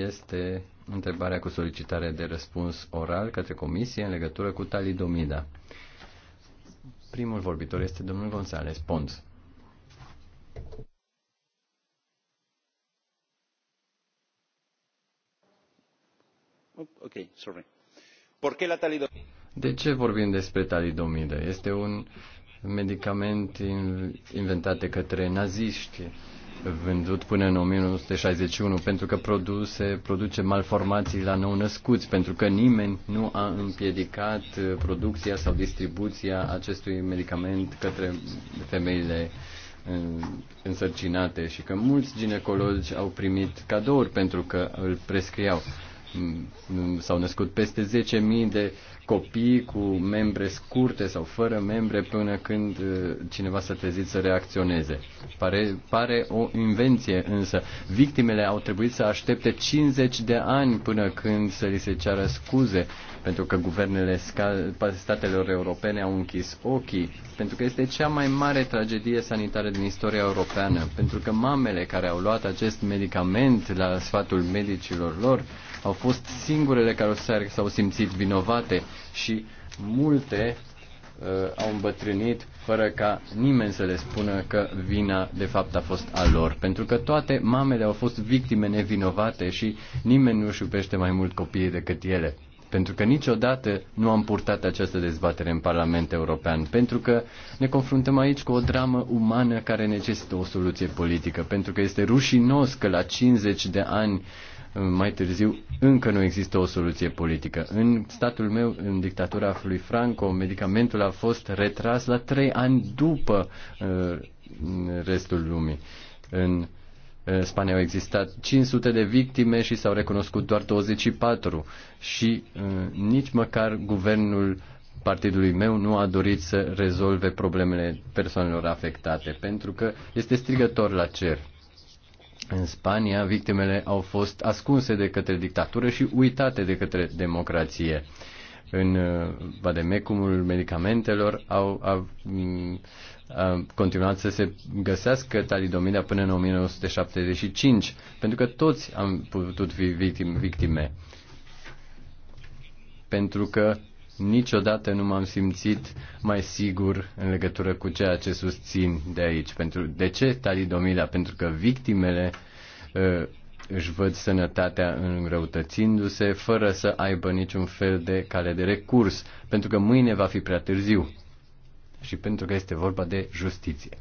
este întrebarea cu solicitare de răspuns oral către comisie în legătură cu talidomida. Primul vorbitor este domnul González Pons. Ok, sorry. ¿Por qué la talidomida? De ce vorbim despre talidomida? Este un medicament inventat de către naziști vândut până în 1961 pentru că produse, produce malformații la nou-născuți, pentru că nimeni nu a împiedicat uh, producția sau distribuția acestui medicament către femeile uh, însărcinate și că mulți ginecologi au primit cadouri pentru că îl prescriau. Mm, s-au născut peste 10.000 de copii cu membre scurte sau fără membre până când uh, cineva s-a trezit să reacționeze. Pare, pare o invenție, însă victimele au trebuit să aștepte 50 de ani până când să li se ceară scuze, pentru că guvernele statelor europene au închis ochii, pentru că este cea mai mare tragedie sanitară din istoria europeană, pentru că mamele care au luat acest medicament la sfatul medicilor lor, au fost singurele care s-au simțit vinovate și multe uh, au îmbătrânit fără ca nimeni să le spună că vina de fapt a fost a lor. Pentru că toate mamele au fost victime nevinovate și nimeni nu își iubește mai mult copiii decât ele. Pentru că niciodată nu am purtat această dezbatere în Parlamentul European. Pentru că ne confruntăm aici cu o dramă umană care necesită o soluție politică. Pentru că este rușinos că la 50 de ani mai târziu încă nu există o soluție politică. În statul meu, în dictatura lui Franco, medicamentul a fost retras la trei ani după uh, restul lumii. În uh, Spania au existat 500 de victime și s-au recunoscut doar 24 și uh, nici măcar guvernul partidului meu nu a dorit să rezolve problemele persoanelor afectate, pentru că este strigător la cer. În Spania, victimele au fost ascunse de către dictatură și uitate de către democrație. În uh, vademecumul medicamentelor au, au, mm, au continuat să se găsească talidomida până în 1975, pentru că toți am putut fi victime pentru că niciodată nu m-am simțit mai sigur în legătură cu ceea ce susțin de aici. Pentru, de ce talidomida? Pentru că victimele uh, își văd sănătatea înrăutățindu-se fără să aibă niciun fel de cale de recurs, pentru că mâine va fi prea târziu și pentru că este vorba de justiție.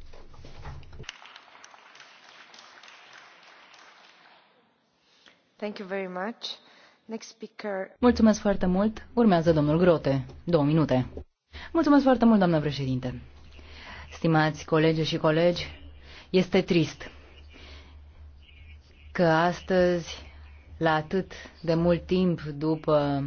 Thank you very much. Mulțumesc foarte mult. Urmează domnul Grote. Două minute. Mulțumesc foarte mult, doamnă președinte. Stimați colegi și colegi, este trist că astăzi, la atât de mult timp după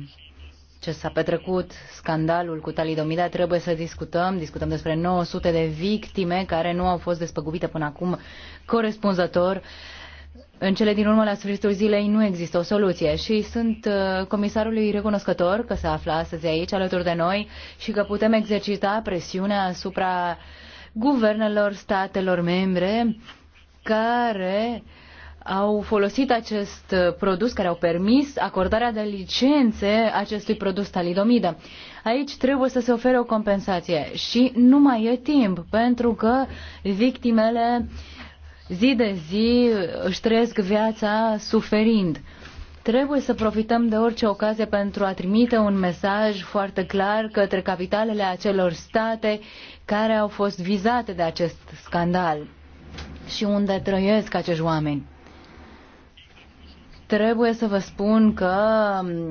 ce s-a petrecut scandalul cu talidomida, trebuie să discutăm. Discutăm despre 900 de victime care nu au fost despăgubite până acum corespunzător. Uh, în cele din urmă, la sfârșitul zilei, nu există o soluție și sunt uh, comisarului recunoscător că se află astăzi aici alături de noi și că putem exercita presiunea asupra guvernelor statelor membre care au folosit acest uh, produs, care au permis acordarea de licențe acestui produs talidomidă. Aici trebuie să se ofere o compensație și nu mai e timp pentru că victimele uh, zi de zi își trăiesc viața suferind. Trebuie să profităm de orice ocazie pentru a trimite un mesaj foarte clar către capitalele acelor state care au fost vizate de acest scandal și unde trăiesc acești oameni. Trebuie să vă spun că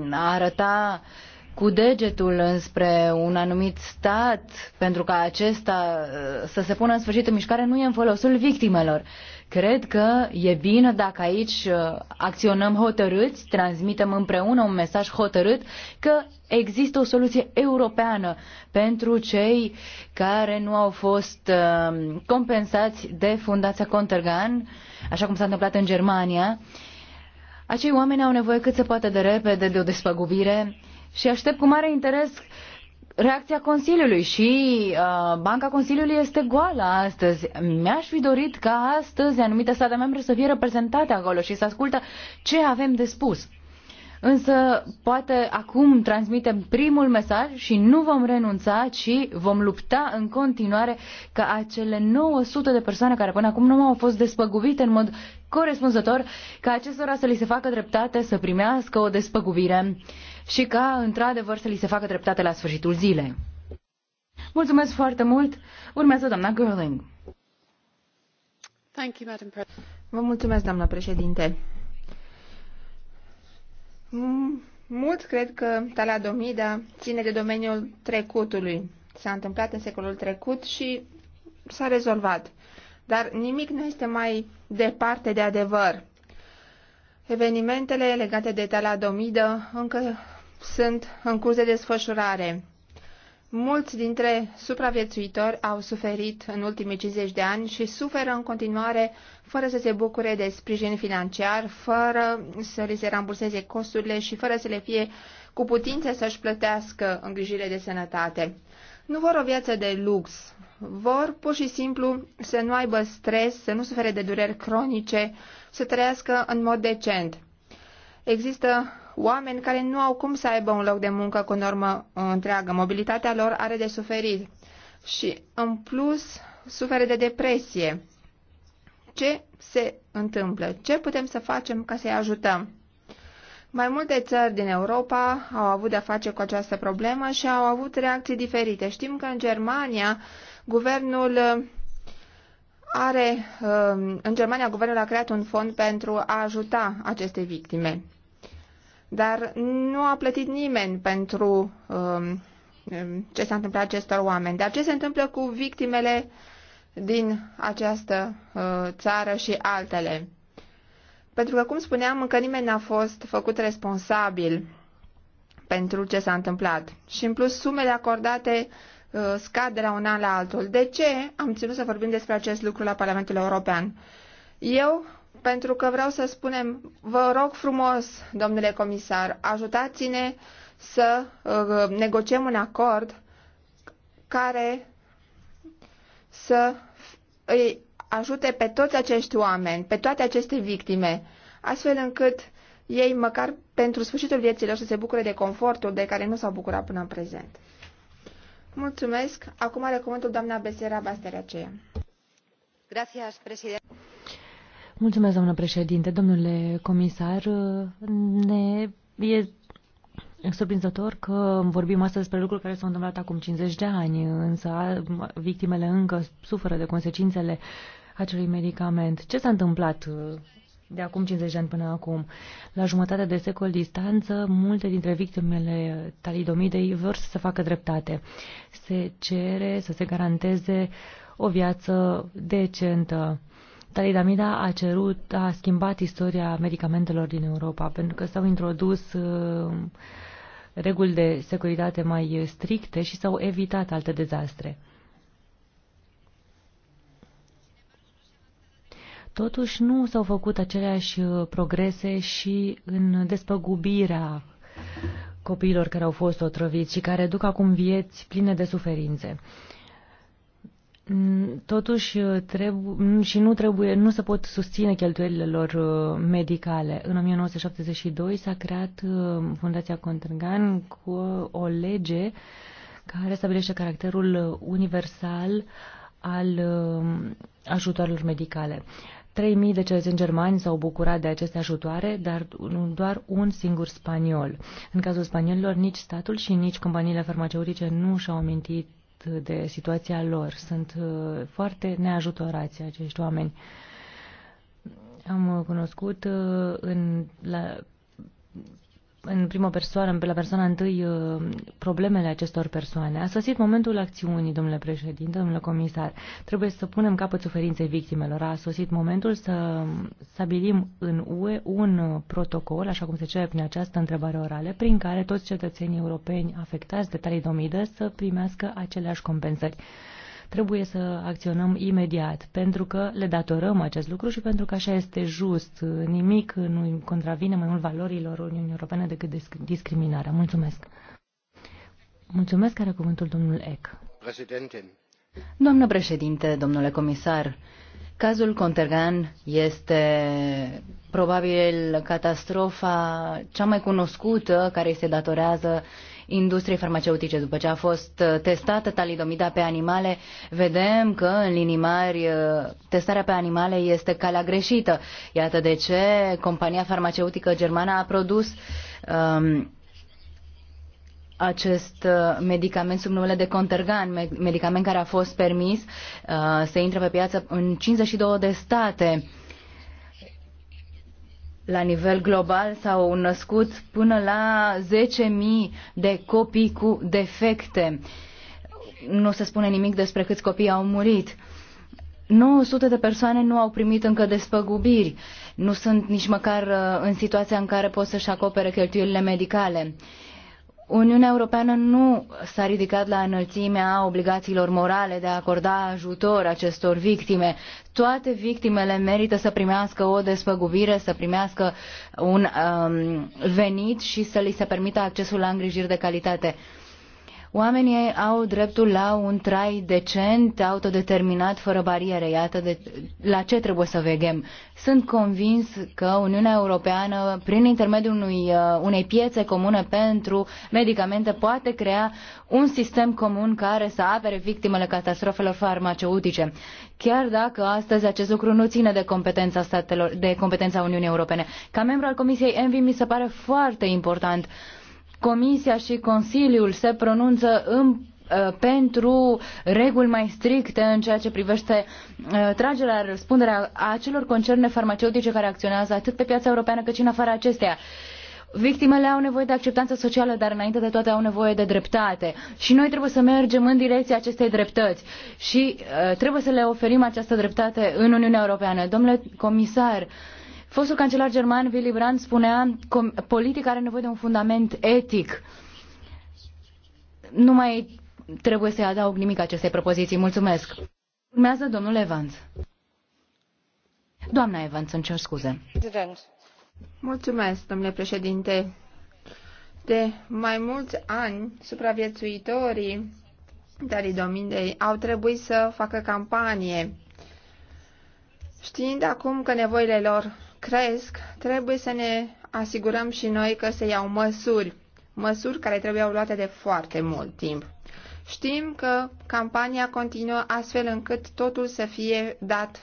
a arăta uh, cu degetul înspre un anumit stat pentru ca acesta uh, să se pună în sfârșit în mișcare nu e în folosul victimelor. Cred că e bine dacă aici uh, acționăm hotărâți, transmitem împreună un mesaj hotărât că există o soluție europeană pentru cei care nu au fost uh, compensați de Fundația Contergan, așa cum s-a întâmplat în Germania. Acei oameni au nevoie cât se poate de repede de o despăgubire și aștept cu mare interes reacția Consiliului și uh, banca Consiliului este goală astăzi. Mi-aș fi dorit ca astăzi anumite state membre să fie reprezentate acolo și să ascultă ce avem de spus. Însă poate acum transmitem primul mesaj și nu vom renunța, ci vom lupta în continuare ca acele 900 de persoane care până acum nu au fost despăgubite în mod corespunzător, ca acestora să li se facă dreptate să primească o despăgubire și ca, într-adevăr, să li se facă dreptate la sfârșitul zilei. Mulțumesc foarte mult. Urmează doamna Gerling. Vă mulțumesc, doamna președinte. Mulți cred că taladomida ține de domeniul trecutului. S-a întâmplat în secolul trecut și s-a rezolvat. Dar nimic nu este mai departe de adevăr. Evenimentele legate de taladomidă încă sunt în curs de desfășurare. Mulți dintre supraviețuitori au suferit în ultimii 50 de ani și suferă în continuare fără să se bucure de sprijin financiar, fără să li se ramburseze costurile și fără să le fie cu putință să-și plătească îngrijire de sănătate. Nu vor o viață de lux, vor pur și simplu să nu aibă stres, să nu sufere de dureri cronice, să trăiască în mod decent. Există oameni care nu au cum să aibă un loc de muncă cu normă întreagă. Mobilitatea lor are de suferit și, în plus, suferă de depresie. Ce se întâmplă? Ce putem să facem ca să-i ajutăm? Mai multe țări din Europa au avut de-a face cu această problemă și au avut reacții diferite. Știm că în Germania guvernul uh, are, uh, în Germania guvernul a creat un fond pentru a ajuta aceste victime. Dar nu a plătit nimeni pentru um, um, ce s-a întâmplat acestor oameni. Dar ce se întâmplă cu victimele din această uh, țară și altele? Pentru că, cum spuneam, încă nimeni n-a fost făcut responsabil pentru ce s-a întâmplat. Și, în plus, sumele acordate uh, scad de la un an la altul. De ce am ținut să vorbim despre acest lucru la Parlamentul European? Eu pentru că vreau să spunem, vă rog frumos, domnule comisar, ajutați-ne să uh, negociem un acord care să îi ajute pe toți acești oameni, pe toate aceste victime, astfel încât ei, măcar pentru sfârșitul vieților, să se bucure de confortul de care nu s-au bucurat până în prezent. Mulțumesc. Acum are cuvântul doamna Besera Bastereacea. Gracias, presidente. Mulțumesc, doamnă președinte. Domnule comisar, ne e surprinzător că vorbim astăzi despre lucruri care s-au întâmplat acum 50 de ani, însă victimele încă suferă de consecințele acelui medicament. Ce s-a întâmplat uh, de acum 50 de ani până acum. La jumătate de secol distanță, multe dintre victimele talidomidei vor să se facă dreptate. Se cere să se garanteze o viață decentă. Talidomida a cerut, a schimbat istoria medicamentelor din Europa, pentru că s-au introdus uh, reguli de securitate mai stricte și s-au evitat alte dezastre. Totuși nu s-au făcut aceleași uh, progrese și în despăgubirea copiilor care au fost otrăviți și care duc acum vieți pline de suferințe. Uh, Mm, totuși, uh, trebuie mm, și nu, trebuie, nu se pot susține cheltuielile lor uh, medicale. În 1972 s-a creat uh, Fundația Contrgan cu o lege care stabilește caracterul universal al ajutoarelor medicale. 3.000 de cetățeni germani s-au bucurat de aceste ajutoare, dar doar un singur spaniol. În cazul spaniolilor, nici statul și nici companiile farmaceutice nu și-au amintit de situația lor. Sunt uh, foarte neajutorați acești oameni. Am cunoscut uh, în, la, în primă persoană, la persoana întâi, uh, problemele acestor persoane. A sosit momentul acțiunii, domnule președinte, domnule comisar. Trebuie să punem capăt suferinței victimelor. A sosit momentul să stabilim în UE un uh, protocol, așa cum se cere prin această întrebare orală, prin care toți cetățenii europeni afectați de talidomidă să primească aceleași compensări. Trebuie să acționăm imediat, pentru că le datorăm acest lucru și pentru că așa este just. Nimic nu contravine mai mult valorilor Uniunii Europene decât discriminarea. Mulțumesc. Mulțumesc, are cuvântul domnul Eck. Președinte. Doamnă președinte, domnule comisar, Cazul Contergan este probabil catastrofa cea mai cunoscută care se datorează industriei farmaceutice. După ce a fost uh, testată talidomida pe animale, vedem că, în linii mari, uh, testarea pe animale este calea greșită. Iată de ce compania farmaceutică germană a produs um, acest uh, medicament sub numele de Contergan, medicament care a fost permis uh, să intre pe piață în 52 de state la nivel global s-au născut până la 10.000 de copii cu defecte. Nu se spune nimic despre câți copii au murit. 900 de persoane nu au primit încă despăgubiri, nu sunt nici măcar uh, în situația în care pot să-și acopere cheltuielile medicale. Uniunea Europeană nu s-a ridicat la înălțimea obligațiilor morale de a acorda ajutor acestor victime. Toate victimele merită să primească o despăgubire, să primească un um, venit și să li se permită accesul la îngrijiri de calitate. Uh, Oamenii au dreptul la un trai decent, autodeterminat, fără bariere. Iată de, la ce trebuie să veghem. Sunt convins că Uniunea Europeană, prin intermediul unui, uh, unei piețe comune pentru medicamente, poate crea un sistem comun care să apere victimele catastrofelor farmaceutice. Chiar dacă astăzi acest lucru nu ține de competența, statelor, de competența Uniunii Europene. Ca membru al Comisiei Envi mi se pare foarte important uh, Comisia și Consiliul se pronunță în uh, pentru reguli mai stricte în ceea ce privește uh, tragerea răspunderea acelor concerne farmaceutice care acționează atât pe piața europeană cât și în afara acesteia. Victimele au nevoie de acceptanță socială, dar înainte de toate au nevoie de dreptate. Și noi trebuie să mergem în direcția acestei dreptăți și uh, trebuie să le oferim această dreptate în Uniunea Europeană. Domnule comisar, uh, Fostul cancelar german Willy Brandt spunea politica are nevoie de un fundament etic. Nu mai trebuie să-i adaug nimic acestei propoziții. Mulțumesc. Urmează domnul Evans. Doamna Evans, îmi cer scuze. Mulțumesc, domnule președinte. De mai mulți ani, supraviețuitorii Domindei au trebuit să facă campanie, știind acum că nevoile lor cresc, trebuie să ne asigurăm și noi că se iau măsuri, măsuri care trebuiau luate de foarte mult timp. Știm că campania continuă astfel încât totul să fie dat,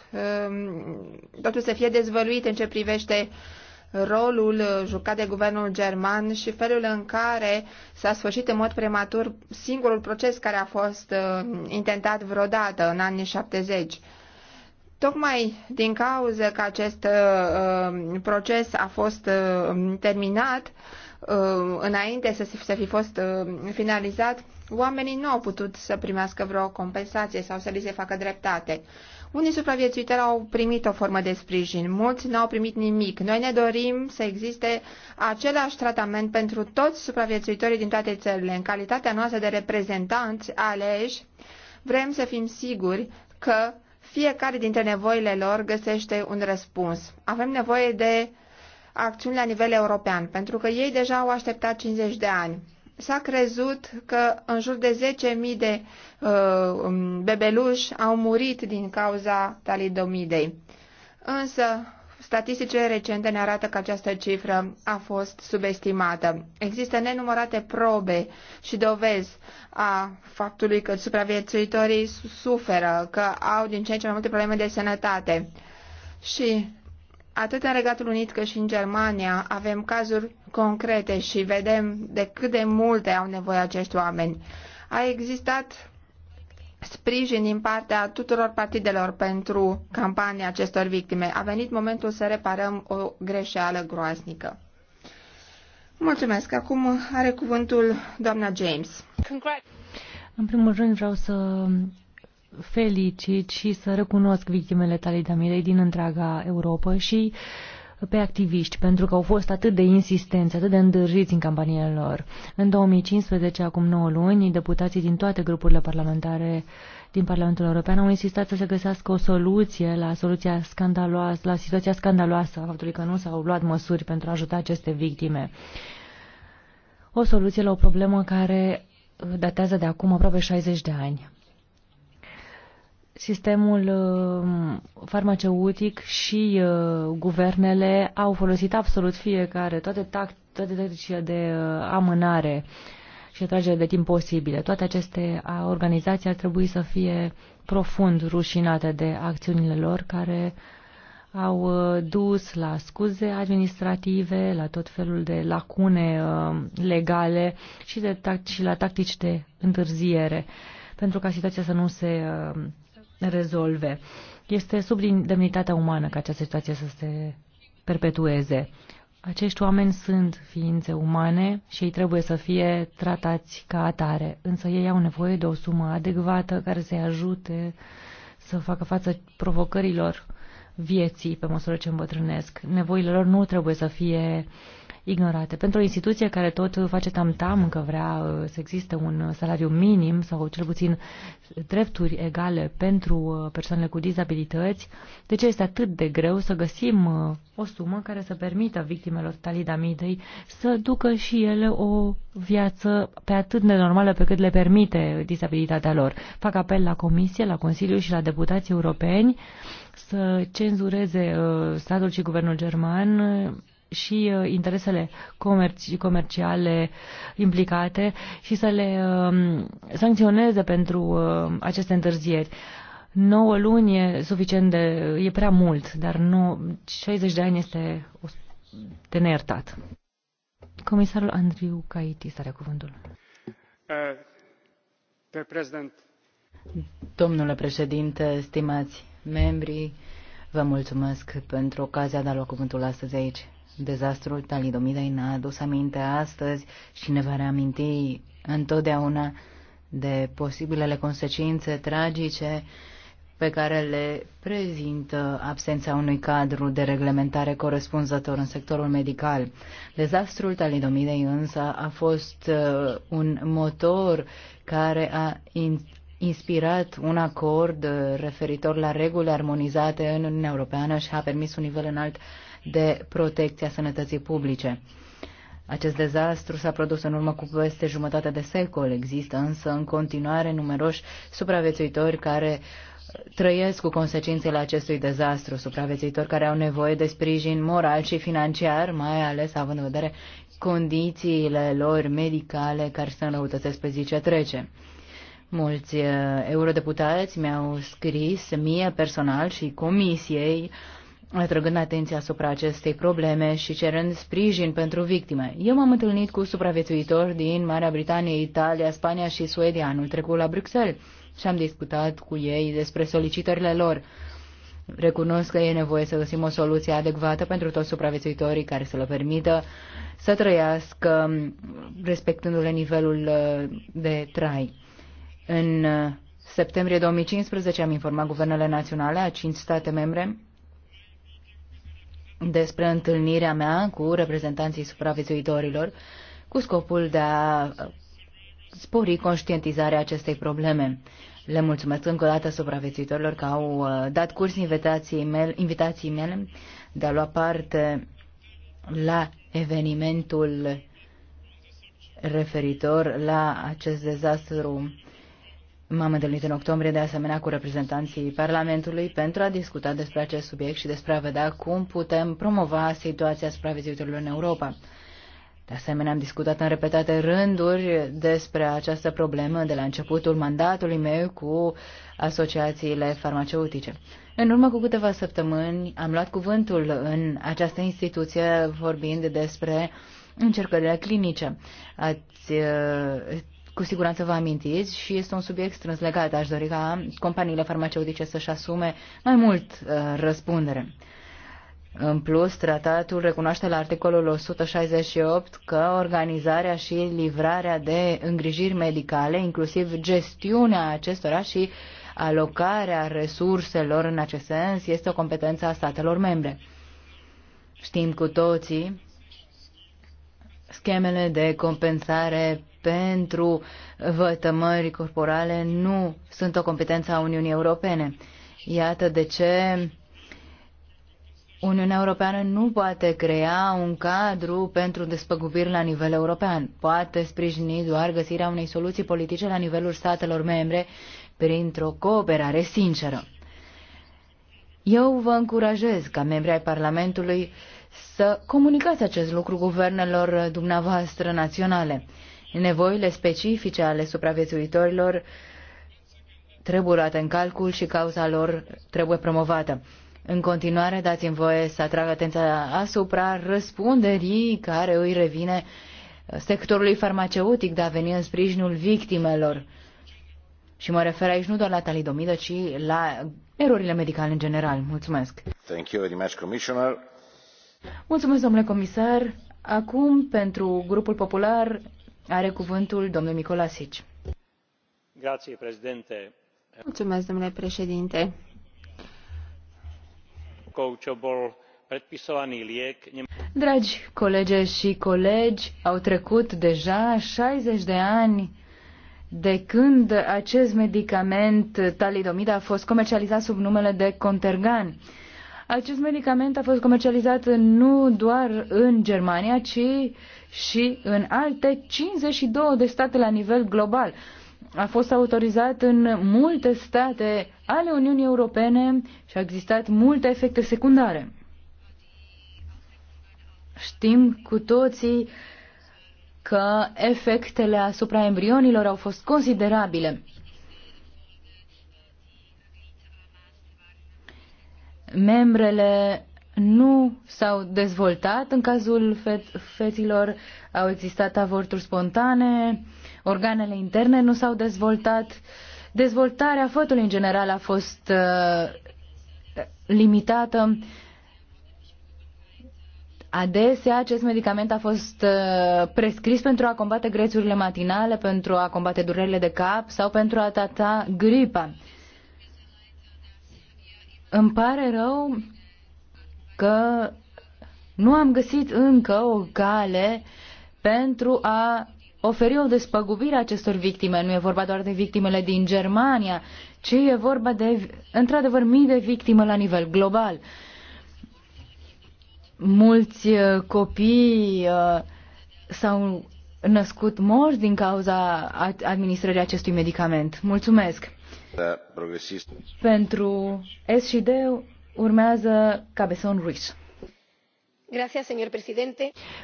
um, totul să fie dezvăluit în ce privește rolul jucat de guvernul german și felul în care s-a sfârșit în mod prematur singurul proces care a fost um, intentat vreodată în anii 70. Tocmai din cauza că acest uh, proces a fost uh, terminat, uh, înainte să, să fi fost uh, finalizat, oamenii nu au putut să primească vreo compensație sau să li se facă dreptate. Unii supraviețuitori au primit o formă de sprijin, mulți n-au primit nimic. Noi ne dorim să existe același tratament pentru toți supraviețuitorii din toate țările. În calitatea noastră de reprezentanți aleși, vrem să fim siguri că uh, fiecare dintre nevoile lor găsește un răspuns. Avem nevoie de acțiuni la nivel european, pentru că ei deja au așteptat 50 de ani. S-a crezut că în jur de 10.000 de uh, um, bebeluși au murit din cauza talidomidei. Însă, Statisticile recente ne arată că această cifră a fost subestimată. Există nenumărate probe și dovezi a faptului că supraviețuitorii suferă, că au din ce în ce mai multe probleme de sănătate. Și atât în Regatul Unit cât și în Germania avem cazuri concrete și vedem de cât de multe au nevoie acești oameni. A existat sprijin din partea tuturor partidelor pentru campania acestor victime. A venit momentul să reparăm o greșeală groaznică. Mulțumesc. Acum are cuvântul doamna James. În primul rând vreau să felicit și să recunosc victimele talidamidei din întreaga Europa și uh, pe activiști, pentru că au fost atât de insistenți, atât de îndârjiți în campaniile lor. În 2015, acum 9 luni, deputații din toate grupurile parlamentare din Parlamentul European au insistat să se găsească o soluție la, soluția scandaloasă, la situația scandaloasă a faptului că nu s-au luat măsuri pentru a ajuta aceste victime. O soluție la o problemă care datează de acum aproape 60 de ani sistemul uh, farmaceutic și uh, guvernele au folosit absolut fiecare, toate, tact, toate tacticile de uh, amânare și atragere de timp posibile. Toate aceste organizații ar trebui să fie profund rușinate de acțiunile lor care au dus la scuze administrative, la tot felul de lacune legale și, de și la tactici de întârziere pentru ca situația să nu se rezolve. Este sub demnitatea umană ca această situație să se perpetueze. Acești oameni sunt ființe umane și ei trebuie să fie tratați ca atare, însă ei au nevoie de o sumă adecvată care să-i ajute să facă față provocărilor vieții pe măsură ce îmbătrânesc. Nevoile lor nu trebuie să fie uh, ignorate. Pentru o instituție care tot face tamtam -tam că vrea uh, să existe un uh, salariu minim sau cel puțin drepturi egale pentru uh, persoanele cu dizabilități, de ce este atât de greu să găsim o sumă care să permită victimelor talidamidei să ducă și ele o viață pe atât de normală pe cât le permite disabilitatea lor. Fac apel la Comisie, la Consiliu și la deputații europeni să cenzureze statul și guvernul german și uh, interesele comerci, comerciale implicate și să le um, sancționeze pentru uh, aceste întârzieri. 9 luni e suficient de, e prea mult, dar nu, 60 de ani este de neiertat. Comisarul Andriu Caitis are cuvântul. Uh, Domnule președinte, stimați membri, vă mulțumesc pentru ocazia de a lua cuvântul astăzi aici. Dezastrul talidomidei ne-a adus aminte astăzi și ne va reaminti întotdeauna de posibilele consecințe tragice pe care le prezintă absența unui cadru de reglementare corespunzător în sectorul medical. Dezastrul talidomidei însă a fost uh, un motor care a inspirat un acord uh, referitor la reguli armonizate în Uniunea Europeană și a permis un nivel înalt de protecția sănătății publice. Acest dezastru s-a produs în urmă cu peste jumătate de secol. Există însă în continuare numeroși supraviețuitori care trăiesc cu consecințele acestui dezastru, supraviețuitori care au nevoie de sprijin moral și financiar, mai ales având în vedere condițiile lor medicale care se înrăutățesc pe zi ce trece. Mulți uh, eurodeputați mi-au scris mie personal și comisiei atrăgând atenția asupra acestei probleme și cerând sprijin pentru victime. Eu m-am întâlnit cu supraviețuitori din Marea Britanie, Italia, Spania și Suedia anul trecut la Bruxelles și am discutat cu ei despre solicitările lor. Recunosc că e nevoie să găsim o soluție adecvată pentru toți supraviețuitorii care să le permită să trăiască respectându-le nivelul uh, de trai. În uh, septembrie 2015 am informat guvernele naționale a cinci state membre despre întâlnirea mea cu reprezentanții supraviețuitorilor cu scopul de a spori conștientizarea acestei probleme. Le mulțumesc încă o dată supraviețuitorilor că au uh, dat curs invitației mele, invitații mele de a lua parte la evenimentul referitor la acest dezastru M-am întâlnit în octombrie de asemenea cu reprezentanții Parlamentului pentru a discuta despre acest subiect și despre a vedea cum putem promova situația supraviețuitorilor în Europa. De asemenea, am discutat în repetate rânduri despre această problemă de la începutul mandatului meu cu asociațiile farmaceutice. În urmă cu câteva săptămâni am luat cuvântul în această instituție vorbind despre încercările clinice. Ați cu siguranță vă amintiți și este un subiect strâns legat. Aș dori ca companiile farmaceutice să-și asume mai mult uh, răspundere. În plus, tratatul recunoaște la articolul 168 că organizarea și livrarea de îngrijiri medicale, inclusiv gestiunea acestora și alocarea resurselor în acest sens, este o competență a statelor membre. Știm cu toții schemele de compensare pentru vătămări corporale nu sunt o competență a Uniunii Europene. Iată de ce Uniunea Europeană nu poate crea un cadru pentru despăgubiri la nivel european. Poate sprijini doar găsirea unei soluții politice la nivelul statelor membre printr-o cooperare sinceră. Eu vă încurajez ca membri ai Parlamentului să comunicați acest lucru guvernelor dumneavoastră naționale nevoile specifice ale supraviețuitorilor trebuie luate în calcul și cauza lor trebuie promovată. În continuare, dați-mi voie să atrag atenția asupra răspunderii care îi revine sectorului farmaceutic de a veni în sprijinul victimelor. Și mă refer aici nu doar la talidomidă, ci la erorile medicale în general. Mulțumesc. Thank you very much, Commissioner. Mulțumesc, domnule comisar. Acum, pentru grupul popular, are cuvântul domnul Micolasic. Grație, președinte. Mulțumesc, domnule președinte. Dragi colege și colegi, au trecut deja 60 de ani de când acest medicament talidomid a fost comercializat sub numele de Contergan. Acest medicament a fost comercializat nu doar în Germania, ci și în alte 52 de state la nivel global. A fost autorizat în multe state ale Uniunii Europene și a existat multe efecte secundare. Știm cu toții că efectele asupra embrionilor au fost considerabile. membrele nu s-au dezvoltat. În cazul fe- feților au existat avorturi spontane, organele interne nu s-au dezvoltat. Dezvoltarea fătului în general a fost uh, limitată. Adesea acest medicament a fost uh, prescris pentru a combate grețurile matinale, pentru a combate durerile de cap sau pentru a trata gripa. Uh, îmi pare rău că nu am găsit încă o cale pentru a oferi o despăgubire acestor victime. Nu e vorba doar de victimele din Germania, ci e vorba de, într-adevăr, mii de victime la nivel global. Mulți uh, copii uh, s-au născut morți din cauza administrării acestui medicament. Mulțumesc! Pentru S și D urmează Cabezon Ruiz.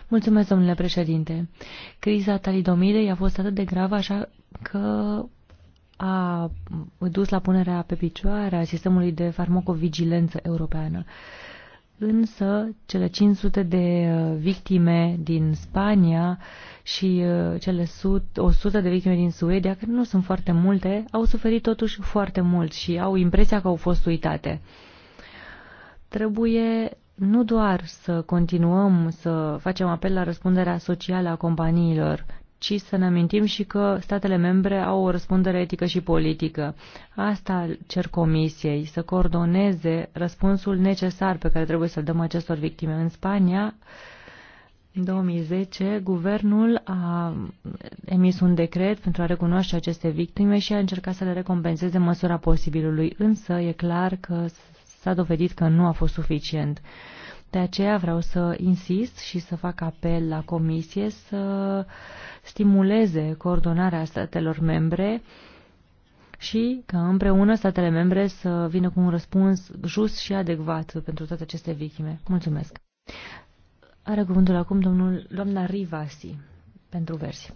Mulțumesc, domnule președinte. Criza talidomidei a fost atât de gravă așa că a dus la punerea pe picioare a sistemului de farmacovigilență europeană. Uh, însă cele 500 de uh, victime din Spania și uh, cele 100 de victime din Suedia, care nu sunt foarte multe, au suferit totuși foarte mult și au impresia că au fost uitate. Trebuie nu doar să continuăm să facem apel la răspunderea socială a companiilor, ci să ne amintim și că statele membre au o răspundere etică și politică. Asta cer comisiei, să coordoneze răspunsul necesar pe care trebuie să-l dăm acestor victime. În Spania, în 2010, guvernul a emis un decret pentru a recunoaște aceste victime și a încercat să le recompenseze măsura posibilului, însă e clar că s-a dovedit că nu a fost suficient. De aceea vreau să insist și să fac apel la Comisie să stimuleze coordonarea statelor membre și ca împreună statele membre să vină cu un răspuns just și adecvat pentru toate aceste victime. Mulțumesc. Are cuvântul acum domnul, doamna Rivasi pentru versi.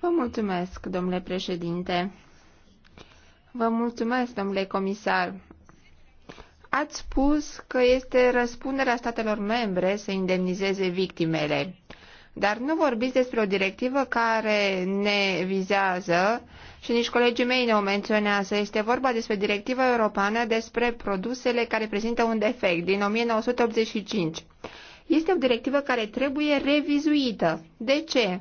Vă mulțumesc, domnule președinte. Vă mulțumesc, domnule comisar. Ați spus că este răspunderea statelor membre să indemnizeze victimele, dar nu vorbiți despre o directivă care ne vizează și nici colegii mei ne-o menționează. Este vorba despre directiva europeană despre produsele care prezintă un defect din 1985. Este o directivă care trebuie revizuită. De ce?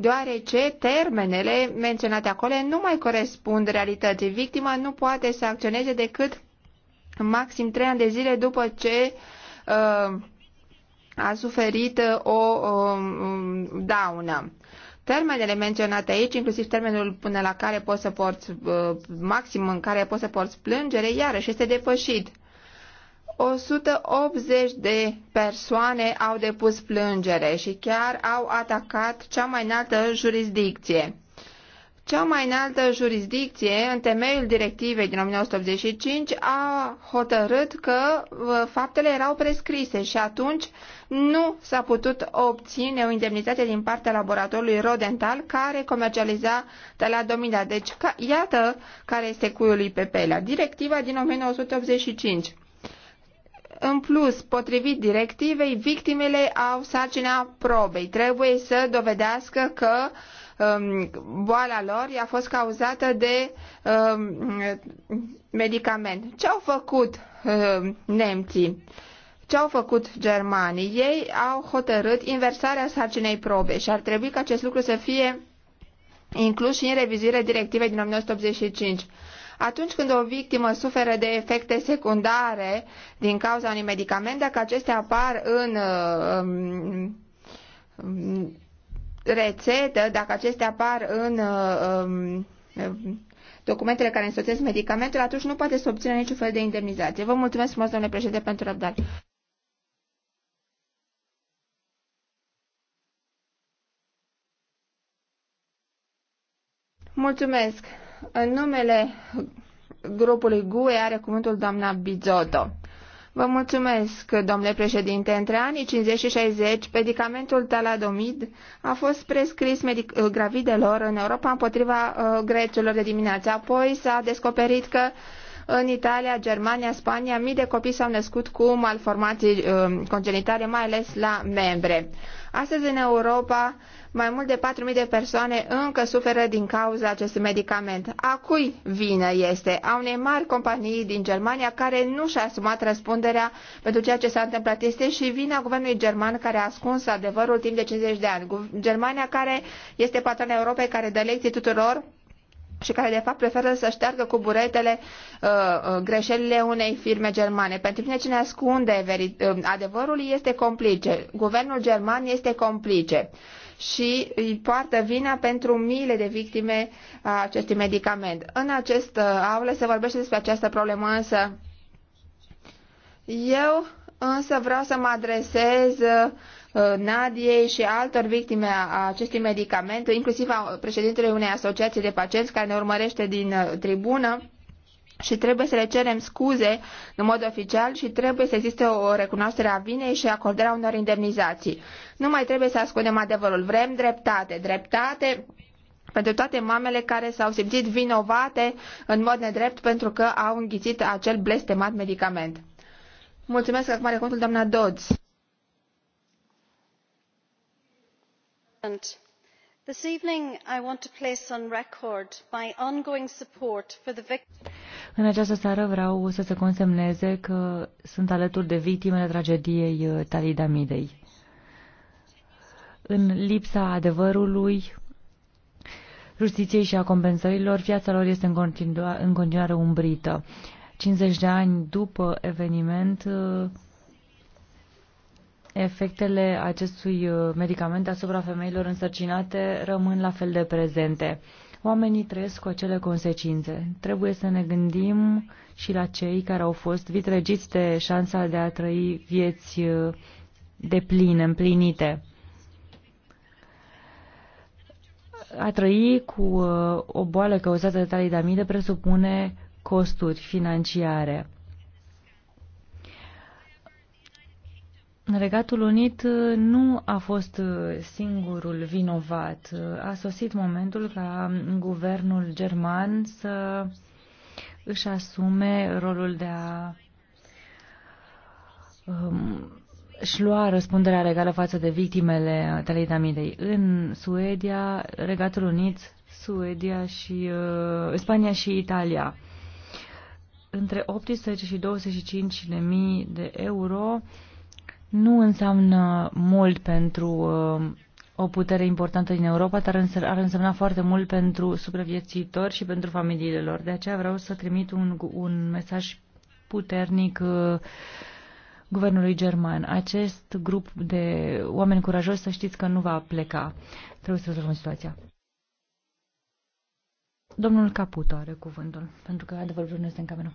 deoarece termenele menționate acolo nu mai corespund realității. Victima nu poate să acționeze decât maxim trei ani de zile după ce uh, a suferit uh, o um, um, daună. Termenele menționate aici, inclusiv termenul până la care poți să porți, uh, maxim în care poți să porți plângere, iarăși este depășit. 180 de persoane au depus plângere și chiar au atacat cea mai înaltă jurisdicție. Cea mai înaltă jurisdicție, în temeiul directivei din 1985, a hotărât că faptele erau prescrise și atunci nu s-a putut obține o indemnitate din partea laboratorului Rodental care comercializa teladomida. Deci, ca, iată care este cuiul lui Pepela. Directiva din 1985. În plus, potrivit directivei, victimele au sarcina probei. Trebuie să dovedească că uh, Um, boala lor i-a fost cauzată de um, medicament. Ce au făcut um, nemții? Ce au făcut germanii? Ei au hotărât inversarea sarcinei probe și ar trebui ca acest lucru să fie inclus și în revizuirea directivei din 1985. Atunci când o victimă suferă de efecte secundare din cauza unui medicament, dacă acestea apar în uh, rețetă, dacă acestea apar în uh, um, uh, documentele care însoțesc medicamentul, atunci nu poate să obțină niciun fel de indemnizație. Vă mulțumesc frumos, domnule președinte, pentru răbdare. Mulțumesc. În numele grupului GUE are cuvântul doamna Bizotto. Vă mulțumesc, domnule președinte. Între anii 50 și 60, medicamentul taladomid a fost prescris uh, gravidelor în Europa împotriva uh, grețurilor de dimineață. Apoi s-a descoperit că în Italia, Germania, Spania, mii de copii s-au născut cu malformații uh, congenitale, mai ales la membre. Astăzi, în Europa, mai mult de 4.000 de persoane încă suferă din cauza acestui medicament. A cui vină este? A unei mari companii din Germania care nu și-a asumat răspunderea pentru ceea ce s-a întâmplat. Este și vina guvernului german care a ascuns adevărul timp de 50 de ani. Germania care este patrona Europei, care dă lecții tuturor și care de fapt preferă să șteargă cu buretele uh, uh greșelile unei firme germane. Pentru mine cine ascunde veri- uh, adevărul este complice. Guvernul german este complice și îi poartă vina pentru miile de victime a acestui medicament. În acest uh, aule se vorbește despre această problemă, însă eu însă vreau să mă adresez uh, Uh, Nadiei și altor victime a acestui medicament, inclusiv a președintelui unei asociații de pacienți care ne urmărește din uh, tribună și trebuie să le cerem scuze în mod oficial și trebuie să existe o recunoaștere a vinei și acordarea unor indemnizații. Nu mai trebuie să ascundem adevărul. Vrem dreptate. Dreptate pentru toate mamele care s-au simțit vinovate în mod nedrept pentru că au înghițit acel blestemat medicament. Mulțumesc, acum are cuvântul doamna Dodds. mr president this evening i want to place on record my ongoing support for the victims. în această seară vreau să se consemneze că sunt alături de victimele tragediei uh, talidamidei. În lipsa adevărului, justiției și a compensărilor, viața lor este în continuare, umbrită. de ani după eveniment, uh, efectele acestui uh, medicament asupra femeilor însărcinate rămân la fel de prezente. Oamenii trăiesc cu acele consecințe. Trebuie să ne gândim și la cei care au fost vitregiți de șansa de a trăi vieți uh, de pline, împlinite. A trăi cu uh, o boală cauzată de talidamide presupune costuri financiare Regatul Unit uh, nu a fost uh, singurul vinovat. Uh, a sosit momentul ca guvernul german să își asume rolul de a um, își lua răspunderea legală față de victimele talitamidei. În Suedia, Regatul Unit, Suedia și uh, Spania și Italia. Între 18 și 25 de mii de euro nu înseamnă mult pentru uh, o putere importantă din Europa, dar ar însemna foarte mult pentru supraviețuitori și pentru familiile lor. De aceea vreau să trimit un, un mesaj puternic uh, guvernului german. Acest grup de oameni curajoși, să știți că nu va pleca. Trebuie să rezolvăm situația. Domnul Caputo are cuvântul, pentru că adevărul nu este în cameră.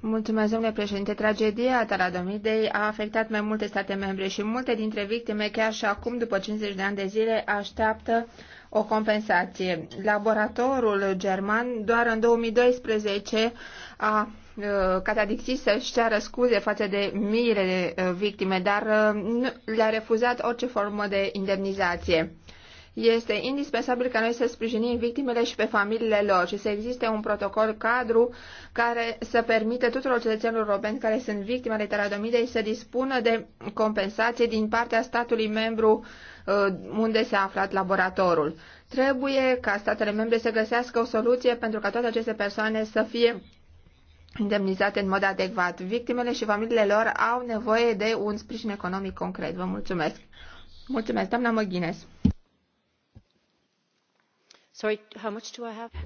Mulțumesc, domnule președinte. Tragedia Taradomidei a afectat mai multe state membre și multe dintre victime, chiar și acum, după 50 de ani de zile, așteaptă o compensație. Laboratorul german doar în 2012 a uh, catadixit să-și ceară scuze față de miile de uh, victime, dar uh, le-a refuzat orice formă de indemnizație. Este indispensabil ca noi să sprijinim victimele și pe familiile lor și să existe un protocol cadru care să permită tuturor cetățenilor europeni care sunt victime ale teradomidei să dispună de compensație din partea statului membru uh, unde s-a aflat laboratorul. Trebuie ca statele membre să găsească o soluție pentru ca toate aceste persoane să fie indemnizate în mod adecvat. Victimele și familiile lor au nevoie de un sprijin economic concret. Vă mulțumesc. Mulțumesc, doamna Măghines.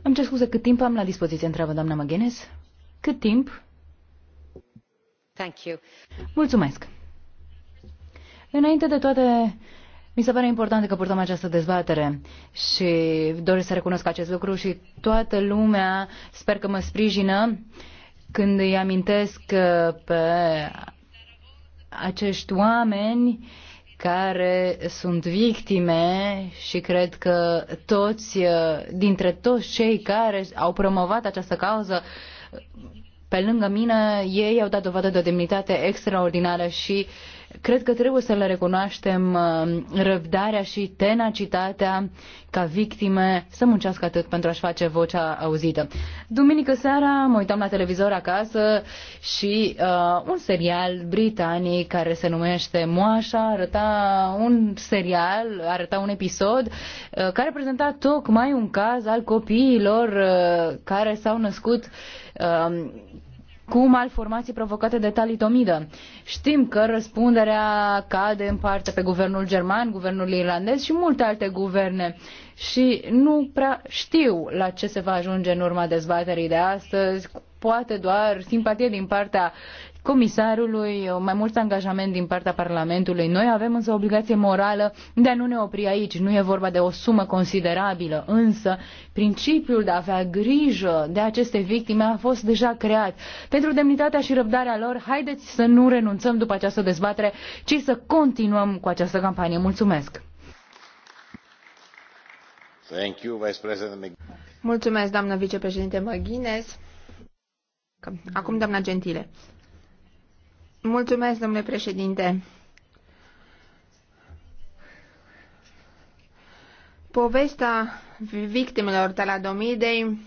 Îmi cer scuze, cât timp am la dispoziție, întreabă doamna McGuinness. Cât timp? Thank you. Mulțumesc. Înainte de toate, mi se pare important că purtăm această dezbatere și doresc să recunosc acest lucru și toată lumea sper că mă sprijină când îi amintesc pe acești oameni care sunt victime și cred că toți, uh, dintre toți cei care au promovat această cauză, pe lângă mine, ei au dat dovadă de o demnitate extraordinară și uh, Cred că trebuie să le recunoaștem uh, răbdarea și tenacitatea ca victime să muncească atât pentru a-și face vocea auzită. Duminică seara mă uitam la televizor acasă și uh, un serial britanic care se numește Moașa arăta un serial, arăta un episod uh, care prezenta tocmai un caz al copiilor uh, care s-au născut uh, cu malformații provocate de talidomidă. Știm că răspunderea cade în parte pe guvernul german, guvernul irlandez și multe alte guverne și nu prea știu la ce se va ajunge în urma dezbaterii de astăzi, poate doar simpatie din partea comisarului mai mult angajament din partea Parlamentului. Noi avem însă obligație morală de a nu ne opri aici. Nu e vorba de o sumă considerabilă, însă principiul de a avea grijă de aceste victime a fost deja creat. Pentru demnitatea și răbdarea lor, haideți să nu renunțăm după această dezbatere, ci să continuăm cu această campanie. Mulțumesc! Thank you, Vice President Mulțumesc, doamnă vicepreședinte McGuinness. Acum, doamna Gentile. Mulțumesc, domnule președinte. Povestea victimelor taladomidei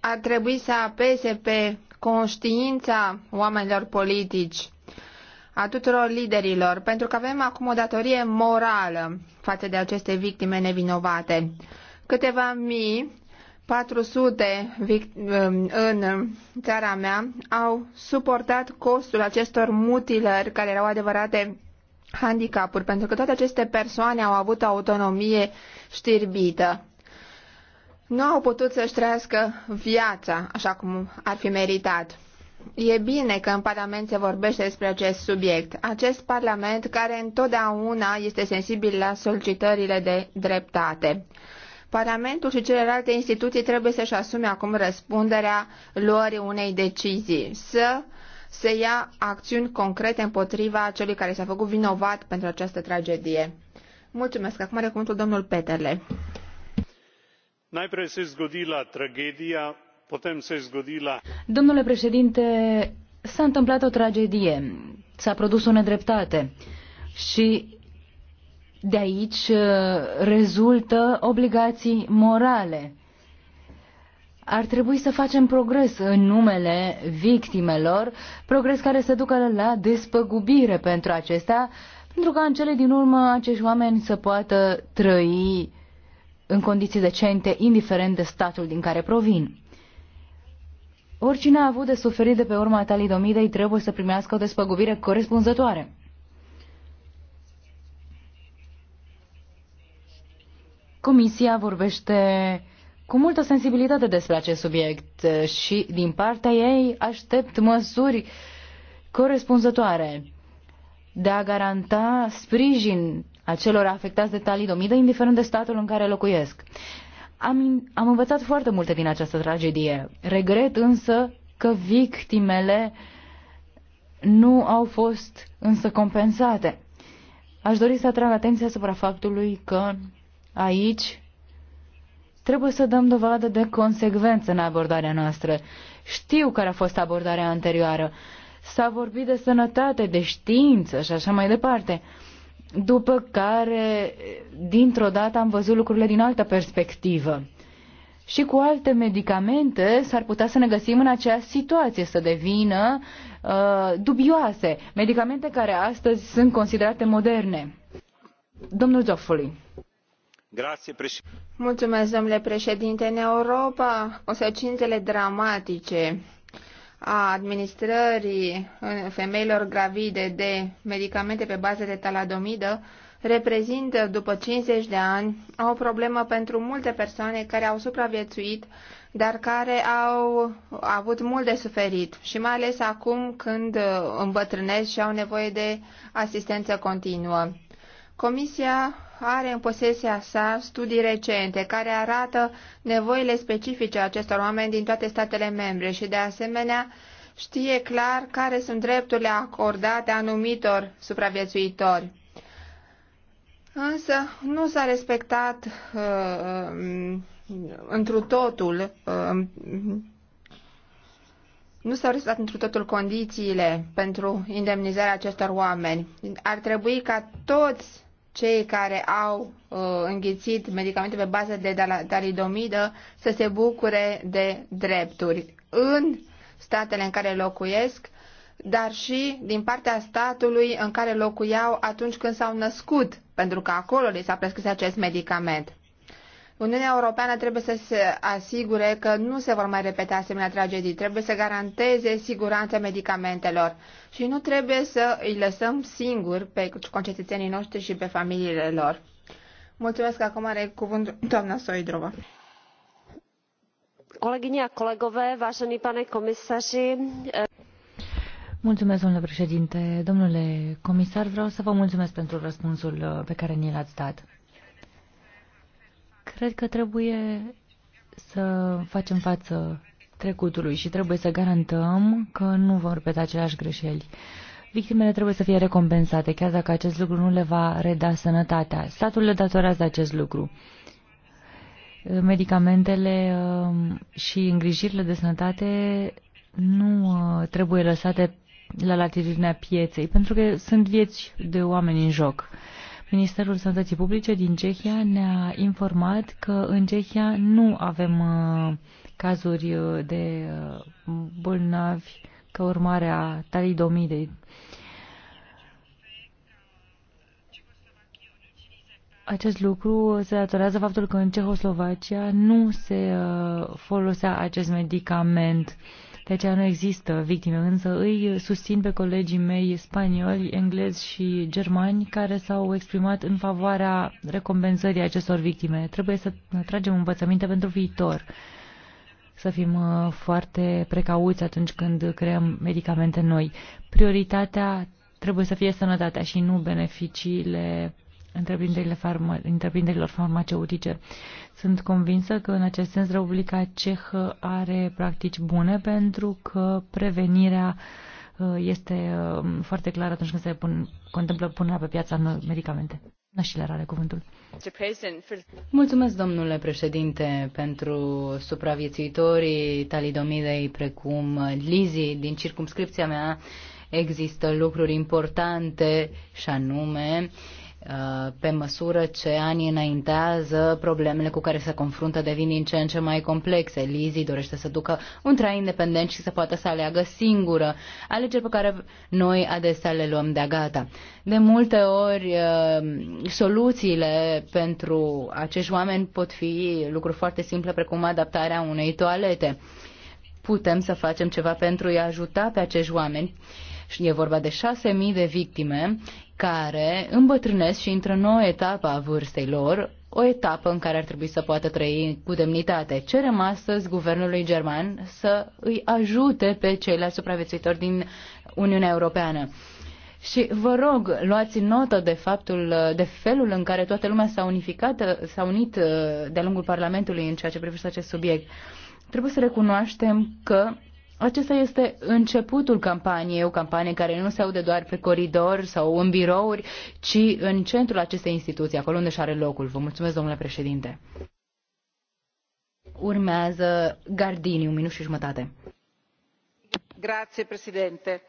ar trebui să apese pe conștiința oamenilor politici, a tuturor liderilor, pentru că avem acum o datorie morală față de aceste victime nevinovate. Câteva mii 400 um, în țara mea au suportat costul acestor mutilări care erau adevărate handicapuri, pentru că toate aceste persoane au avut autonomie știrbită. Nu au putut să-și trăiască viața așa cum ar fi meritat. E bine că în Parlament se vorbește despre acest subiect. Acest Parlament care întotdeauna este sensibil la solicitările de dreptate. Parlamentul și celelalte instituții trebuie să-și asume acum răspunderea luării unei decizii, să se ia acțiuni concrete împotriva celui care s-a făcut vinovat pentru această tragedie. Mulțumesc. Acum are cuvântul domnul Petele. Najprej se je la tragedia, potem se zgodi la. Domnule președinte, s-a întâmplat o tragedie, s-a produs o nedreptate și de aici uh, rezultă obligații morale. Ar trebui să facem progres în numele victimelor, progres care să ducă la despăgubire pentru acestea, pentru ca în cele din urmă acești oameni să poată trăi în condiții decente, indiferent de statul din care provin. Oricine a avut de suferit de pe urma talidomidei trebuie să primească o despăgubire corespunzătoare. Comisia vorbește cu multă sensibilitate despre acest subiect și din partea ei aștept măsuri corespunzătoare de a garanta sprijin acelor afectați de talidomidă, indiferent de statul în care locuiesc. Am, am învățat foarte multe din această tragedie. Regret însă că victimele nu au fost însă compensate. Aș dori să atrag atenția asupra faptului că aici trebuie să dăm dovadă de consecvență în abordarea noastră. Știu care a fost abordarea anterioară. S-a vorbit de sănătate, de știință și așa mai departe. După care, dintr-o dată, am văzut lucrurile din altă perspectivă. Și cu alte medicamente s-ar putea să ne găsim în aceeași situație, să devină uh, dubioase. Medicamente care astăzi sunt considerate moderne. Domnul Zoffoli. Mulțumesc, domnule președinte. În Europa, consecințele dramatice a administrării femeilor gravide de medicamente pe bază de taladomidă reprezintă, după 50 de ani, o problemă pentru multe persoane care au supraviețuit, dar care au avut mult de suferit și mai ales acum când îmbătrânesc și au nevoie de asistență continuă. Comisia are în posesia sa studii recente care arată nevoile specifice acestor oameni din toate statele membre și, de asemenea, știe clar care sunt drepturile acordate anumitor supraviețuitori. Însă nu s-a respectat uh, întru totul uh, nu s-au respectat întru totul condițiile pentru indemnizarea acestor oameni. Ar trebui ca toți cei care au uh, înghițit medicamente pe bază de talidomidă să se bucure de drepturi în statele în care locuiesc, dar și din partea statului în care locuiau atunci când s-au născut, pentru că acolo li s-a prescris acest medicament. Uniunea Europeană trebuie să se asigure că nu se vor mai repeta asemenea tragedii, trebuie să garanteze siguranța medicamentelor și nu trebuie să îi lăsăm singuri pe concetățenii noștri și pe familiile lor. Mulțumesc, că acum are cuvânt doamna Soidrova. Kolegyně a kolegové, vážený pane komisaři, eh, Mulțumesc, domnule președinte. Domnule comisar, vreau să vă mulțumesc pentru răspunsul eh, pe care ni l-ați dat. Cred că trebuie să facem față trecutului și trebuie să garantăm că nu vor repeta aceleași greșeli. Victimele trebuie să fie recompensate, chiar dacă acest lucru nu le va reda sănătatea. Statul le datorează acest lucru. Medicamentele um, și îngrijirile de sănătate nu uh, trebuie lăsate la latitudinea pieței, pentru că sunt vieți de oameni în joc. Ministerul Sănătății Publice din Cehia ne-a informat că în Cehia nu avem uh, cazuri uh, de uh, bolnavi ca urmare a talidomidei. Acest lucru se datorează faptul că în Cehoslovacia nu se folosea acest medicament uh, de aceea nu există victime, însă îi susțin pe colegii mei spanioli, englezi și germani care s-au exprimat în favoarea recompensării acestor victime. Trebuie să tragem învățăminte pentru viitor să fim uh, foarte precauți atunci când creăm medicamente noi. Prioritatea trebuie să fie sănătatea și nu beneficiile întreprinderile farma, întreprinderilor farmaceutice. Sunt convinsă că în acest sens Republica Cehă are practici bune pentru că prevenirea uh, este uh, foarte clară atunci când se pun, contemplă punerea pe piața medicamente. Nașiler are cuvântul. Mulțumesc, domnule președinte, pentru supraviețuitorii talidomidei precum Lizi din circumscripția mea există lucruri importante și anume uh, Uh, pe măsură ce anii înaintează, problemele cu care se confruntă devin din ce în ce mai complexe. Lizzie dorește să ducă un trai independent și să poată să aleagă singură, alegeri pe care noi adesea le luăm de gata. De multe ori, uh, soluțiile pentru acești oameni pot fi lucruri foarte simple, precum adaptarea unei toalete. Putem să facem ceva pentru a ajuta pe acești oameni. E vorba de 6.000 de victime, care îmbătrânesc și intră în o etapă a vârstei lor, o etapă în care ar trebui să poată trăi cu demnitate. Cerem astăzi guvernului german să îi ajute pe ceilalți supraviețuitori din Uniunea Europeană. Și vă rog, luați notă de faptul, de felul în care toată lumea s-a unificat, s-a unit uh, de-a lungul Parlamentului în ceea ce privește acest subiect. Trebuie să recunoaștem că acesta este începutul campaniei, o campanie care nu se aude doar pe coridor sau în birouri, ci în centrul acestei instituții, acolo unde și are locul. Vă mulțumesc, domnule președinte. Urmează Gardini, un minut și jumătate. Grazie, președinte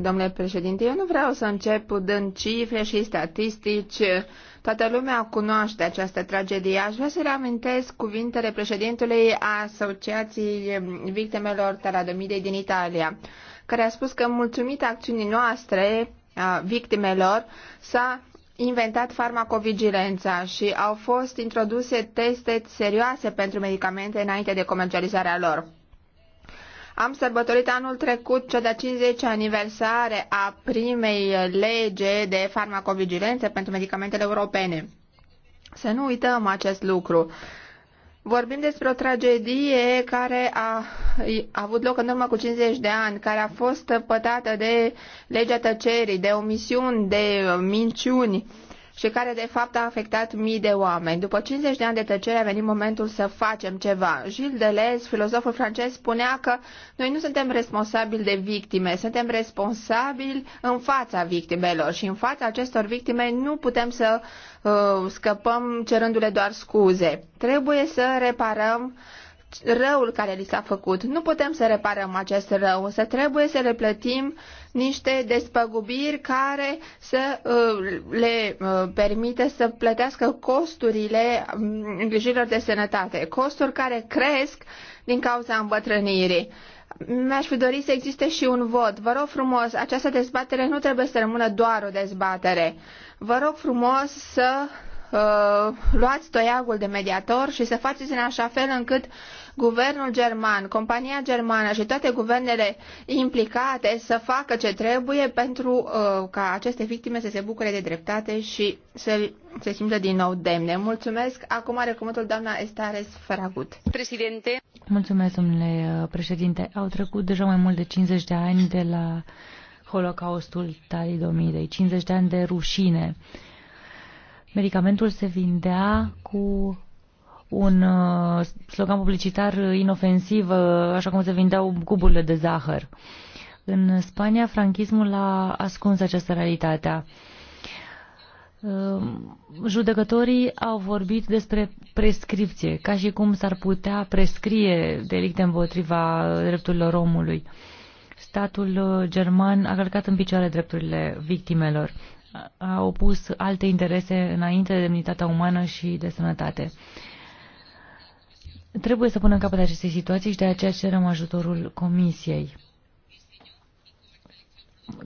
Domnule președinte, eu nu vreau să încep dând cifre și statistici. Toată lumea cunoaște această tragedie. Aș vrea să reamintesc cuvintele președintelui Asociației Victimelor Taradomidei din Italia, care a spus că mulțumită acțiunii noastre, a victimelor, s-a inventat farmacovigilența și au fost introduse teste serioase pentru medicamente înainte de comercializarea lor. Am sărbătorit anul trecut cea de-a 50 aniversare a primei lege de farmacovigilență pentru medicamentele europene. Să nu uităm acest lucru. Vorbim despre o tragedie care a, a avut loc în urmă cu 50 de ani, care a fost pătată de legea tăcerii, de omisiuni, de minciuni și care de fapt a afectat mii de oameni. După 50 de ani de tăcere a venit momentul să facem ceva. Gilles Deleuze, filozoful francez, spunea că noi nu suntem responsabili de victime, suntem responsabili în fața victimelor și în fața acestor victime nu putem să uh, scăpăm cerându-le doar scuze. Trebuie să reparăm uh, răul care li s-a făcut. Nu putem să reparăm acest rău, să trebuie să le plătim niște despăgubiri care să uh, le uh, permite să plătească costurile mm, îngrijirilor de sănătate, costuri care cresc din cauza îmbătrânirii. Mi-aș fi dorit să existe și un vot. Vă rog frumos, această dezbatere nu trebuie să rămână doar o dezbatere. Vă rog frumos să Uh, luați toiagul de mediator și să faceți în așa fel încât guvernul german, compania germană și toate guvernele implicate să facă ce trebuie pentru uh, ca aceste victime să se bucure de dreptate și să se simtă din nou demne. Mulțumesc. Acum are cuvântul doamna Estares Faragut. Președinte. Mulțumesc, domnule uh, președinte. Au trecut deja mai mult de 50 de ani de la Holocaustul talidomidei, 50 de ani de rușine. Uh, Medicamentul se vindea cu un uh, slogan publicitar inofensiv, uh, așa cum se vindeau cuburile de zahăr. În Spania, franchismul a ascuns această realitate. Uh, judecătorii au vorbit despre prescripție, ca și cum s-ar putea prescrie delicte împotriva drepturilor omului. Statul german a călcat în picioare drepturile victimelor a opus alte interese înainte de demnitatea umană și de sănătate. Trebuie să punem capăt acestei situații și de aceea cerem ajutorul Comisiei.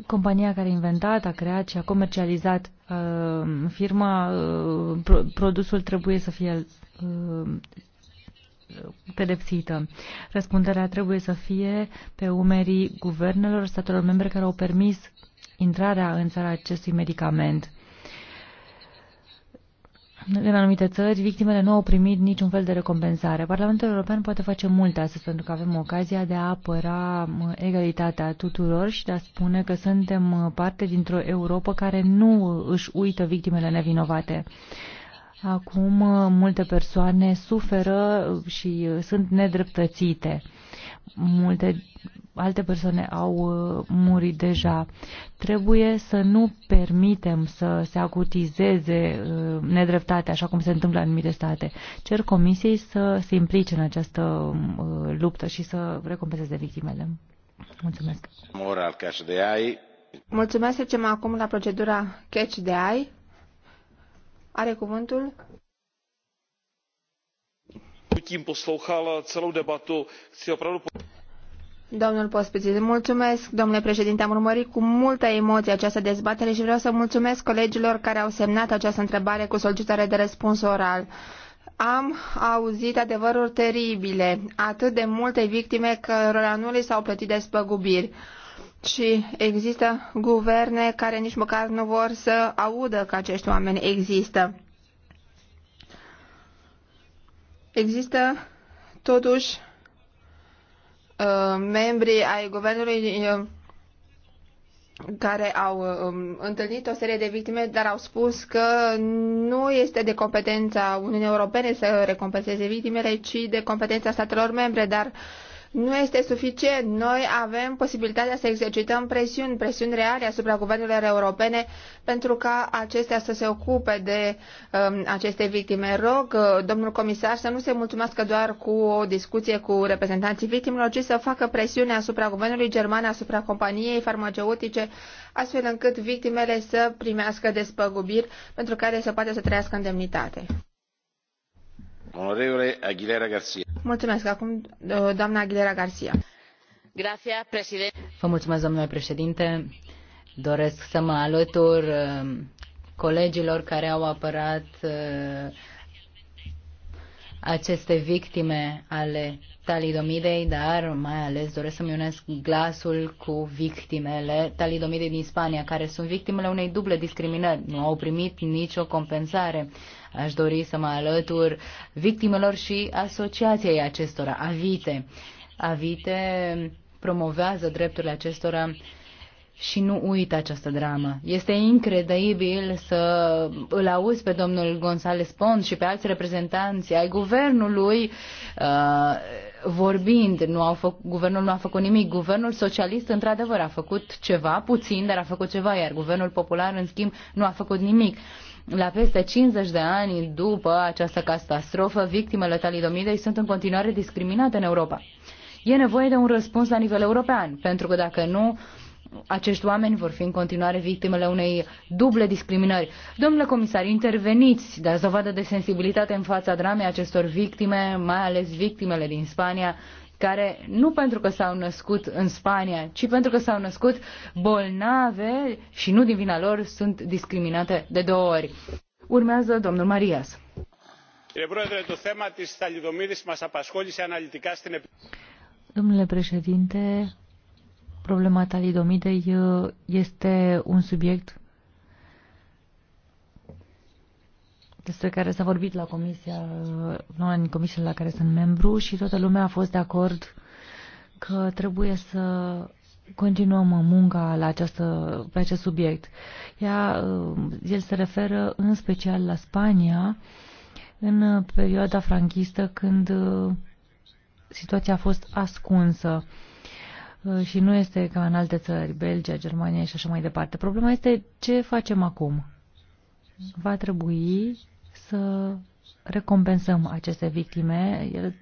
Compania care a inventat, a creat și a comercializat uh, firma, uh, pro produsul trebuie să fie uh, pedepsită. Răspunderea trebuie să fie pe umerii guvernelor, statelor membre care au permis intrarea în țara acestui medicament. În anumite țări, victimele nu au primit niciun fel de recompensare. Parlamentul European poate face multe astăzi pentru că avem ocazia de a apăra egalitatea tuturor și de a spune că suntem parte dintr-o Europa care nu își uită victimele nevinovate. Acum multe persoane suferă și uh, sunt nedreptățite. Multe alte persoane au uh, murit deja. Trebuie să nu permitem să se acutizeze uh, nedreptatea, așa cum se întâmplă în anumite state. Cer comisiei să se implice în această uh, luptă și să recompenseze victimele. Mulțumesc. Moral cash de ai. Mulțumesc, trecem acum la procedura catch de ai. Are cuvântul poslouchal celou debatu chci opravdu Domnul Pospiți, mulțumesc, domnule președinte, am urmărit cu multă emoție această dezbatere și vreau să mulțumesc colegilor care au semnat această întrebare cu solicitare de răspuns oral. Am auzit adevăruri teribile, atât de multe victime cărora nu li s-au plătit despăgubiri. Și există guverne care nici măcar nu vor să audă că acești oameni există. Există totuși Uh, membri ai guvernului uh, care au um, întâlnit o serie de victime, dar au spus că nu este de competența Uniunii Europene să recompenseze victimele, ci de competența statelor membre, dar uh, nu este suficient. Noi avem posibilitatea să exercităm presiuni, presiuni reale asupra guvernelor europene pentru ca acestea să se ocupe de um, aceste victime. Rog, uh, domnul comisar, să nu se mulțumească doar cu o discuție cu reprezentanții victimelor, ci să facă presiune asupra guvernului german, asupra companiei farmaceutice, astfel încât victimele să primească despăgubiri pentru care să poată să trăiască în demnitate. Mulțumesc. Acum Vă mulțumesc, domnule președinte. Doresc să mă alătur uh, colegilor care au apărat uh, aceste victime ale talidomidei, dar mai ales doresc să-mi unesc glasul cu victimele talidomidei din Spania, care sunt victimele unei duble discriminări. Nu au primit nicio compensare. Aș dori să mă alătur victimelor și asociației acestora, Avite. Avite promovează drepturile acestora și nu uită această dramă. Este incredibil să îl auzi pe domnul González Pons și pe alți reprezentanți ai guvernului uh, vorbind. Nu au făc, guvernul nu a făcut nimic. Guvernul socialist, într-adevăr, a făcut ceva, puțin, dar a făcut ceva, iar guvernul popular, în schimb, nu a făcut nimic. La peste 50 de ani după această catastrofă, victimele talidomidei sunt în continuare discriminate în Europa. E nevoie de un răspuns la nivel european, pentru că dacă nu, uh, acești oameni vor fi în continuare victimele unei duble discriminări. Domnule comisar, interveniți, dați dovadă de sensibilitate în fața dramei acestor victime, mai ales victimele din Spania, care nu pentru că s-au născut în Spania, ci pentru că s-au născut bolnave și nu din vina lor sunt discriminate de două ori. Urmează domnul Marias. Domnule președinte, Problema talidomidei uh, este un subiect despre care s-a vorbit la comisia, nu uh, în comisia la care sunt membru și toată lumea a fost de acord că trebuie să continuăm munca la această, pe acest subiect. Ea, uh, el se referă în special la Spania, în perioada franchistă, când situația a fost ascunsă. Uh, și nu este ca în alte țări, Belgia, Germania și așa mai departe. Problema este ce facem acum. Va trebui să recompensăm aceste victime ele...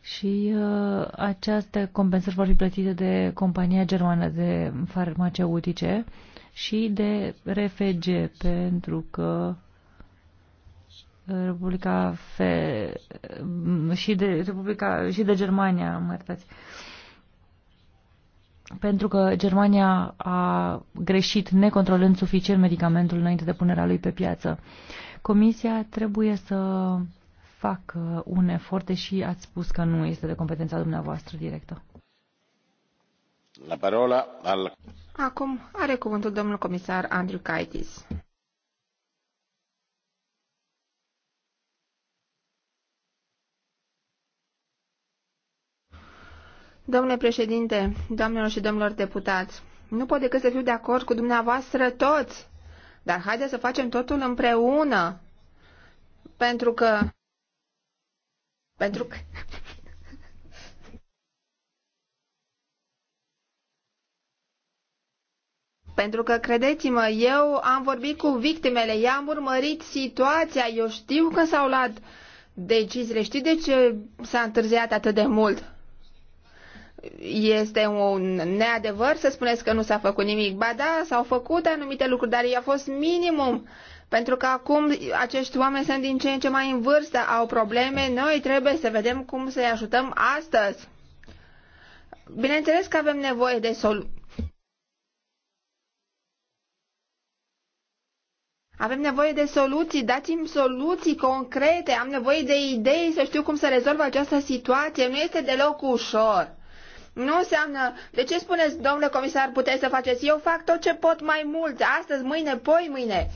și uh, aceste compensări vor fi plătite de compania germană de farmaceutice și de RFG, pentru că Republica Fe... și, de Republica... și de Germania, mă iertați. Pentru că Germania a greșit necontrolând suficient medicamentul înainte de punerea lui pe piață. Comisia trebuie să facă un efort, deși ați spus că nu este de competența dumneavoastră directă. La parola al... Acum are cuvântul domnul comisar Andrew Kaitis. Domnule președinte, doamnelor și domnilor deputați, nu pot decât să fiu de acord cu dumneavoastră toți, dar haideți să facem totul împreună, pentru că... Pentru că... Pentru că, credeți-mă, eu am vorbit cu victimele, i-am urmărit situația, eu știu că s-au luat deciziile. Știu de ce s-a întârziat atât de mult? este un neadevăr să spuneți că nu s-a făcut nimic. Ba da, s-au făcut anumite lucruri, dar i-a fost minimum. Pentru că acum acești oameni sunt din ce în ce mai în vârstă, au probleme, noi trebuie să vedem cum să-i ajutăm astăzi. Bineînțeles că avem nevoie de soluții. Avem nevoie de soluții, dați-mi soluții concrete, am nevoie de idei să știu cum să rezolv această situație. Nu este deloc ușor. Nu înseamnă... De ce spuneți, domnule comisar, puteți să faceți? Eu fac tot ce pot mai mult, astăzi, mâine, poi mâine.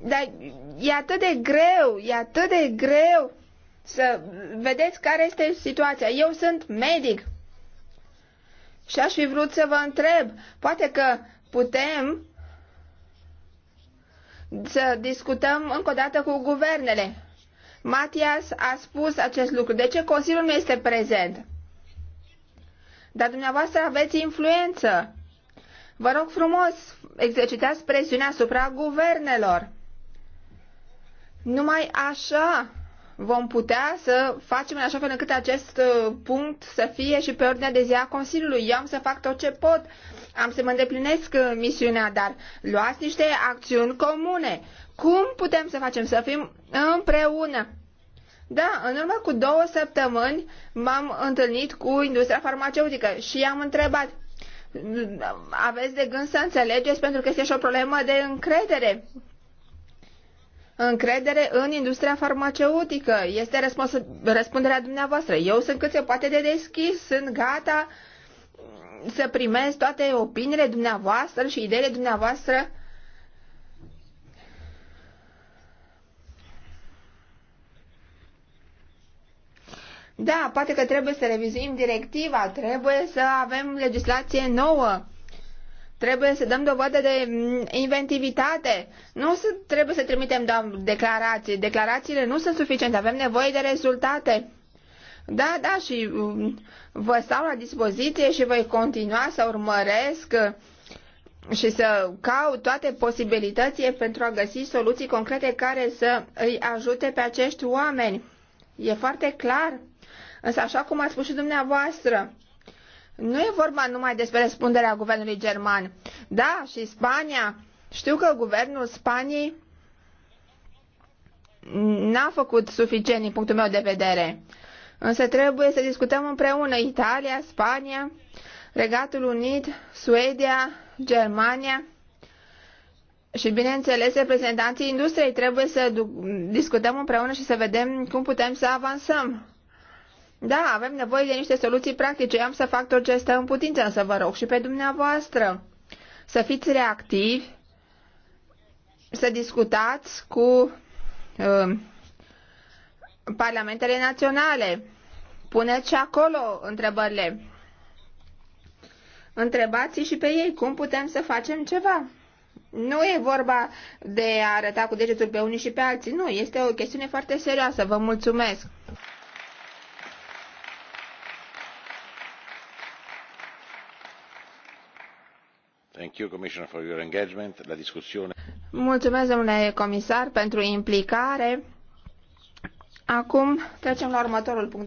Dar e atât de greu, e atât de greu să vedeți care este situația. Eu sunt medic și aș fi vrut să vă întreb, poate că putem să discutăm încă o dată cu guvernele. Matias a spus acest lucru. De ce Consiliul nu este prezent? Dar dumneavoastră aveți influență. Vă rog frumos, exercitați presiunea asupra guvernelor. Numai așa vom putea să facem în așa fel încât acest uh, punct să fie și pe ordinea de zi a Consiliului. Eu am să fac tot ce pot, am să mă îndeplinesc uh, misiunea, dar luați niște acțiuni comune. Cum putem să facem să fim împreună? Da, în urmă cu două săptămâni m-am întâlnit cu industria farmaceutică și i-am întrebat aveți de gând să înțelegeți pentru că este și o problemă de încredere. Încredere în industria farmaceutică. Este răspunderea dumneavoastră. Eu sunt cât se poate de deschis, sunt gata să primez toate opiniile dumneavoastră și ideile dumneavoastră Da, poate că trebuie să revizuim directiva, trebuie să avem legislație nouă, trebuie să dăm dovadă de mm, inventivitate. Nu să, trebuie să trimitem da, declarații. Declarațiile nu sunt suficiente, avem nevoie de rezultate. Da, da, și mm, vă stau la dispoziție și voi continua să urmăresc mm, și să caut toate posibilitățile pentru a găsi soluții concrete care să îi ajute pe acești oameni. E foarte clar Însă, așa cum a spus și dumneavoastră, nu e vorba numai despre răspunderea guvernului german. Da, și Spania. Știu că guvernul Spaniei n-a făcut suficient din punctul meu de vedere. Însă trebuie să discutăm împreună Italia, Spania, Regatul Unit, Suedia, Germania și, bineînțeles, reprezentanții industriei. Trebuie să discutăm împreună și să vedem cum putem să avansăm. Da, avem nevoie de niște soluții practice. Eu am să fac tot ce stă în putință, să vă rog și pe dumneavoastră să fiți reactivi, să discutați cu uh, parlamentele naționale. Puneți și acolo întrebările. întrebați și pe ei cum putem să facem ceva. Nu e vorba de a arăta cu degetul pe unii și pe alții, nu, este o chestiune foarte serioasă. Vă mulțumesc! Mulțumesc, domnule comisar, pentru implicare. Acum trecem la următorul punct.